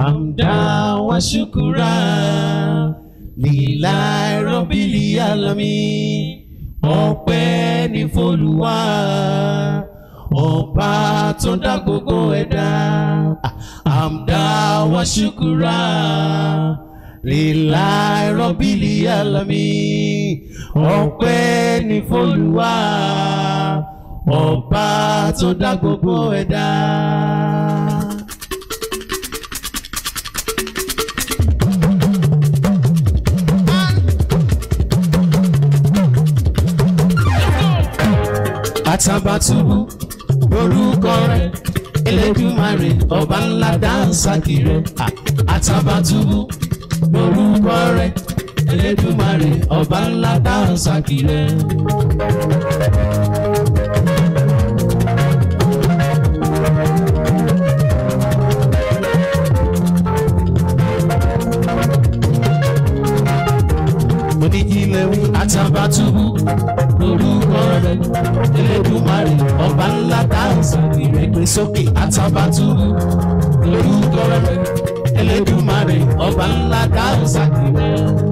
hamda wa shukura lillahi rabbil alamin ọpẹ́ ní f'Olúwa ọba tó dá gbogbo ẹ̀dá wa shukura lillahi rabbil alamin ọpẹ́ ní f'Olúwa ọba tó dá gbogbo Àtàbàtúbú orúkọ rẹ̀ Elédùmarè ọba ńlá dáńsákì rẹ̀ Àtàbàtúbú orúkọ rẹ̀ Elédùmarè ọba ńlá dáńsákì rẹ̀. mo ní ilé wí Àtàbàtúbú orúkọ rẹ Elédùmarè ọba ńlá dáhùnsì ìrèké sókè àtàbàtú lórúkọ rẹ Elédùmarè ọba ńlá dáhùnsì ìrèké.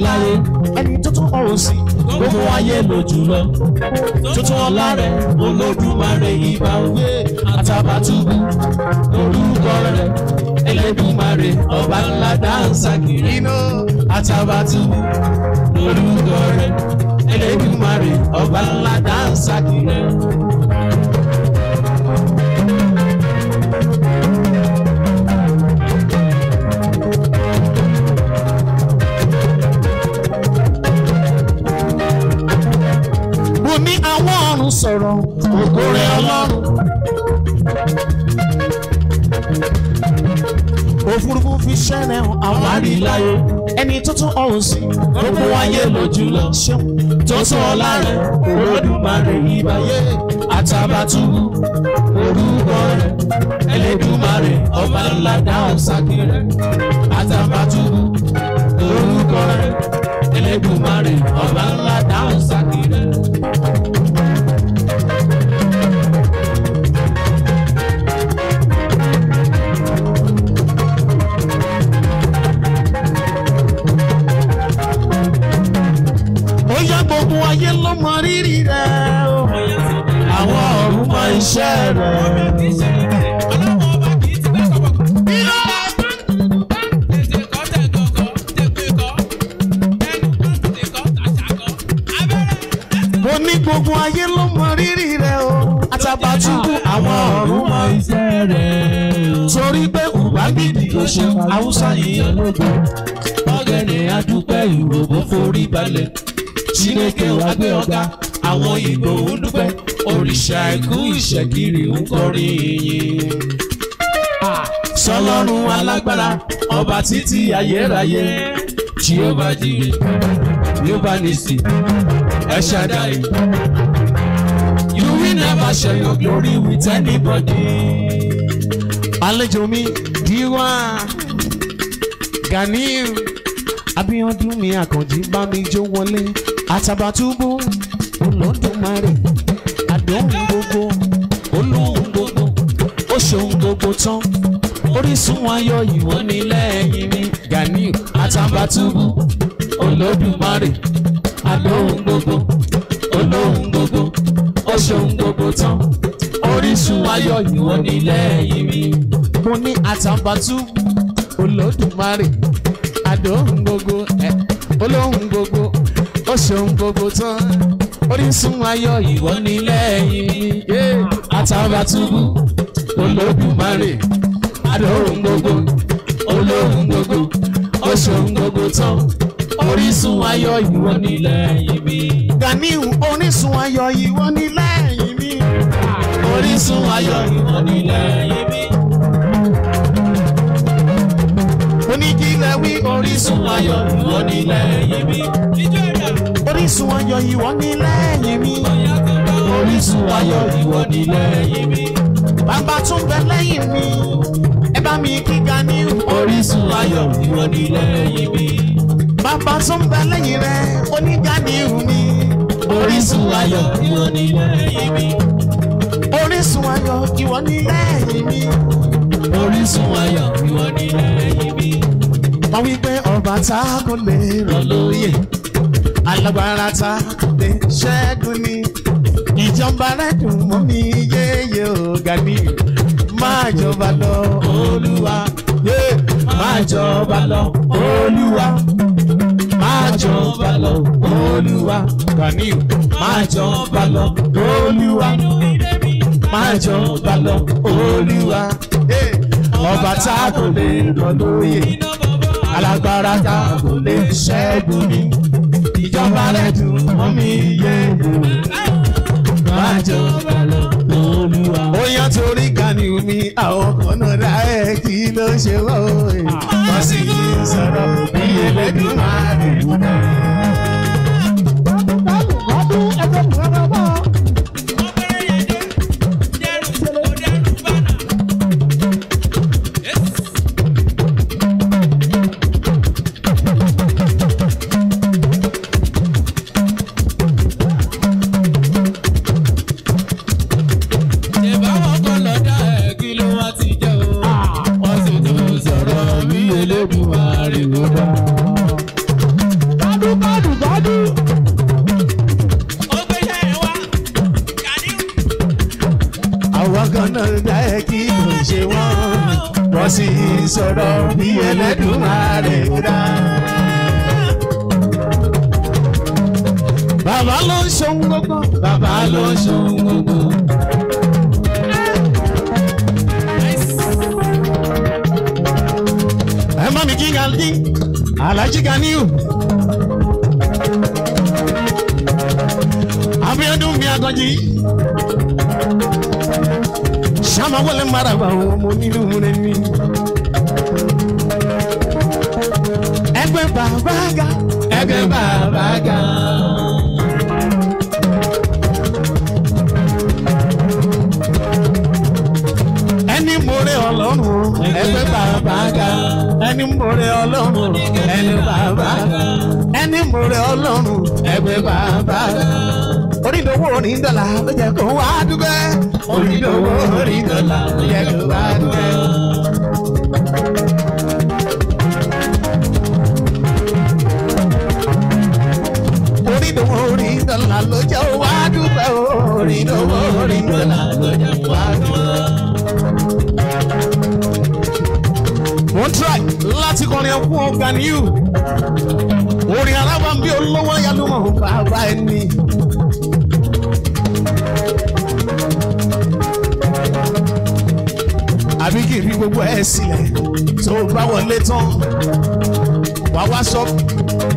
láyé ẹni tó tún ọrùn sí ló mú ayé lò jùlọ tó tún ọlá rẹ olódùmarè ìbà òwe àtàbàtúbù lórúkọ rẹ ẹlẹ́dùmarè ọba ńlá dáńsà kiri àtàbàtúbù lórúkọ rẹ ẹlẹ́dùmarè ọba ńlá dáńsà kiri. sọ̀rọ̀ ògo rẹ̀ ọlọ́run. òfurufú fi ṣẹ́rẹ̀ hàn àwárí láyé ẹni tó tún ọ̀hún sí gbogbo ayé lójú lọ ṣeun tó sọ ọlá rẹ̀ olódùmarè ìbáyé àtàbàtúbú orúkọ rẹ̀ ẹlẹ́dùmarè ọba ńlá dáhùn sákìrẹ àtàbàtúbú orúkọ rẹ̀ ẹlẹ́dùmarè ọba ńlá dáhùn sákìrẹ. rírì rẹ o àwọn ọ̀run mọ iṣẹ́ rẹ. mo ní gbogbo ayé ló mọ rírì rẹ o Àtàbàtúbú àwọn ọ̀run mọ iṣẹ́ rẹ torí pé ògbágídì ló ṣe haúsá yìí ológo ọ̀gẹ̀dẹ̀ adúpẹ́ ìròbó forí balẹ̀. Chineke wá gbé àwọn Ìgbò ń dúpẹ́ òrìṣà ikú ìṣẹ̀gìrì ń kọrin ìyìn. Sọlọ́run alágbára ọba títí ayérayé Jehovah jire Jehovah nisi El Shaddai. You will never share your glory with anybody. Àlejò mi Diwa Ganiu Abíọ́dún mi Àkànjí bá mi jó Àtàbàtúbú Olódùmarè àdéhùn gbogbo olóhùn gbogbo ó ṣeun gbogbo tán orísun ayọ̀ ìwọ ni lẹ́yìn mi Gani Àtàbàtúbú Olódùmarè àdéhùn gbogbo olóhùn gbogbo ó ṣeun gbogbo tán orísun ayọ̀ ìwọ ni lẹ́yìn mi. mo ní Àtàbàtúbú Olódùmarè àdéhùn gbogbo olóhùn gbogbo ó ṣeun gbogbo tán orísun ayọ̀ ìwọ nílẹ̀ yìí àtàbàtúbù olódùmarè adóhùn gbogbo olóhùn gbogbo ó ṣeun gbogbo tán orísun ayọ̀ ìwọ nílẹ̀ yìí. Ganiu orísun ayọ̀ ìwọ nílẹ̀ yìí. orísun ayọ̀ ìwọ nílẹ̀ yìí. oníkílẹ̀ wí orísun ayọ̀ ìwọ nílẹ̀ yìí orísun ayọ̀ ìwọ ni lẹ́yìn mi orísun ayọ̀ ìwọ ni lẹ́yìn mi bàbá tún bẹ lẹ́yìn mi ẹ bá mi kíga ní orísun ayọ̀ ìwọ ni lẹ́yìn mi bàbá tún bẹ lẹ́yìn rẹ oníga ní ìhù mi orísun ayọ̀ ìwọ ni lẹ́yìn mi orísun ayọ̀ ìwọ ni lẹ́yìn mi orísun ayọ̀ ìwọ ni lẹ́yìn mi. wọ́n wí pé ọba tá a kò lè rọ̀ lóyè alágbára ta lè ṣẹ́gun ni ìjọba rẹ̀ dùn mọ́ mi yéye o gani máa jọba lọ olúwa máa jọba lọ olúwa máa jọba lọ olúwa gani máa jọba lọ olúwa máa jọba lọ olúwa ọba tá kò lè lọ lóye alágbára tá kò lè ṣẹ́gun ni ìjọba rẹ̀ dùn mọ́ mi yé. Bájọba lọ lọ́lúwa. Ó yá torí kàní mi àwọn ọ̀nà rà ẹ̀ kí ló ṣe wọ́n. Wọ́n sì ń sọ̀rọ̀ bí ẹlẹ́dùn máa dùn ló ń dá ẹ kí kò ṣe wọ́n wọ́n sì sọ̀rọ̀ bí Ẹlẹ́dùmarè dá. bàbá ló ń ṣohun gbogbo bàbá ló ń ṣohun gbogbo. ẹ má mi kí ní Alhaji Ganiu. Abíọ́dún mi Àgànjì ṣàmàwọlé maraba àwọn ọmọ onílù rẹ ni. ẹgbẹ́ bàbá ga ẹgbẹ́ bàbá ga. ẹni mọ̀rẹ́ ọlọ́run ẹgbẹ́ bàbá ga ẹni mọ̀rẹ́ ọlọ́run ẹni bàbá ga ẹni mọ̀rẹ́ ọlọ́run ẹgbẹ́ bàbá ga. orí ìdánwò orin dọ̀là ló jẹ́ kó wá dúpẹ́ onídòwò orídọ́là ó yẹ kó wá gbẹ́. onídòwò orídọ́là ló jẹ́ wá dúpẹ́ o onídòwò orídọ́là ló jẹ́ wá dúpẹ́. mo ń try láti kọrin ẹkún ọgbà ni yù orin alábàámbí olówó yálùmọ̀ bàbá ẹni. ẹ sílẹ̀ tó bá wọlé tán wàá wá sọ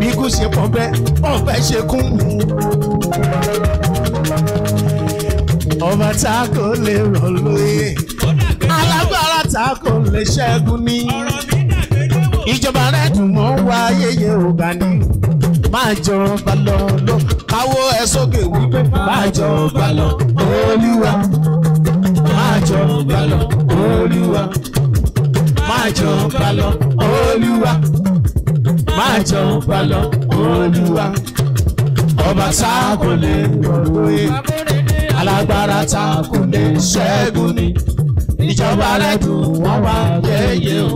bí kò ṣe pọ̀ bẹ́ẹ̀ ọ̀bẹ ṣe kún. ọba tá lè rọ̀ lóye alágbára tá lè ṣẹ́gun ní ìjọba rẹ̀ dùn mọ́ wá yéye ọba ni máa jọba lọ lọ káwọ́ ẹ sókè wípé máa jọba lọ olúwa máa jọba lọ olúwa máa jọun bá lọ olúwa máa jọun bá lọ olúwa ọba tá a kò lè rọrùn yé e, alágbára tá a kò lè ṣẹ́gun ni ìjọba rẹ̀ dùn wọ́n wá yẹ́yẹ́ o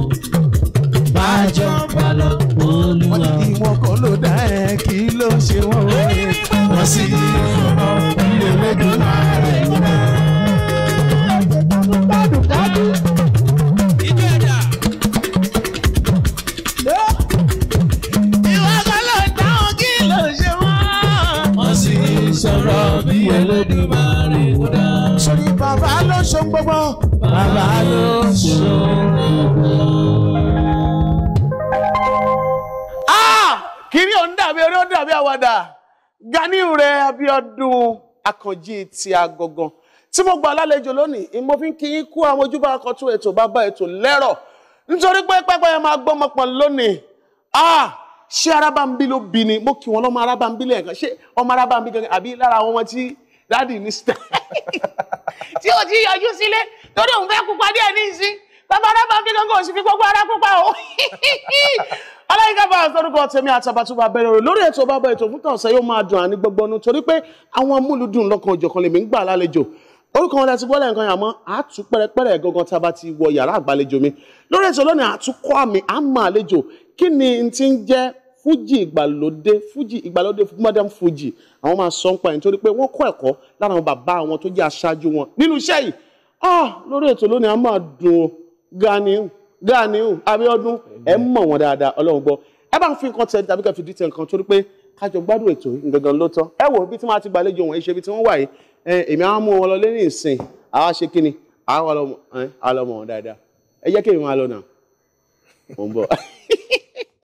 máa jọun bá lọ olúwa. wọ́n ní ìwọ̀n kan ló dá ẹ kí ló ṣe wọ́n. wọ́n sì ń lọ ilé méjìlá. ṣe ń gbogbo. bàbá ló ṣe gbogbo. kìíní ò ń dàbí eré ó dàbí àwàdà Ganiu rẹ Abíọ́dún Akànjí ti Agangan tí mo gbà lálejò lónìí mo fi ń kí yín kú àwọn ojúbà akọ̀tún ètò bàbá ètò lẹ́rọ̀ nítorí pé pẹ́pẹ́ yẹn máa gbọ́mọ pọ̀ lónìí ah! ṣé arábàmbí ló bí ni mo kí wọn lọ́mọ arábàmbí lẹ́ẹ̀kan ṣé ọmọ arábàmbí gangan àbí lára àwọn ọmọ tí dáàdì ní sítá tí o ti yọjú sílé torí òun fẹ́ kópa díẹ̀ ní ìsín bàbá arábà kí lóńgò òsì fi gbogbo ara kópa o aláyíká bá àtọ́rúkọ tèmi àtàbàtúbà bẹ̀rẹ̀ rẹ̀ lórí ètò bàbá ètò fún tọ̀sẹ̀ yóò máa dùn àní gbogbo ọ̀nà torí pé àwọn amúlùdùn lọ́kàn òjọ̀kan lèmi ń gbà lálejò orúkọ wọn láti gbọ́lẹ̀ nǹkan yàmọ́ àtú pẹ́rẹpẹ́rẹ gangan tá a bá ti wọ yàrá àgbàlejò mi lórí ètò lónìí àtúkọ́ àmì àmà àlejò kí ni ti ń jẹ́ Fuji ìgbàlódé fújì ìgbàlódé modern fújì àwọn máa sọ ń pa ẹ̀ nítorí pé wọ́n kọ́ ẹ̀kọ́ lára àwọn bàbá wọn tó jẹ́ aṣáájú wọn nínú iṣẹ́ yìí ah lórí ètò lónìí a máa dùn ó Ganiu Ganiu Abíọ́dún ẹ mọ̀ wọn dáadáa Ọlọ́run gbọ́ ẹ bá ń fi nǹkan tẹ tàbí kẹfì dìtẹ nǹkan torí pé kájọ gbádùn ètò gangan ló tọ́ ẹ wò bí tí wọ́n ti gbàlejò wọn ṣe bí tí wọ́n wà yìí èmi àwọn mú wọn lọ lé ní ìsìn àwa ṣe kíni àwa lọmọ wọn dáadáa ẹ jẹ́ kí èmi máa lọ nà mò ń bọ̀.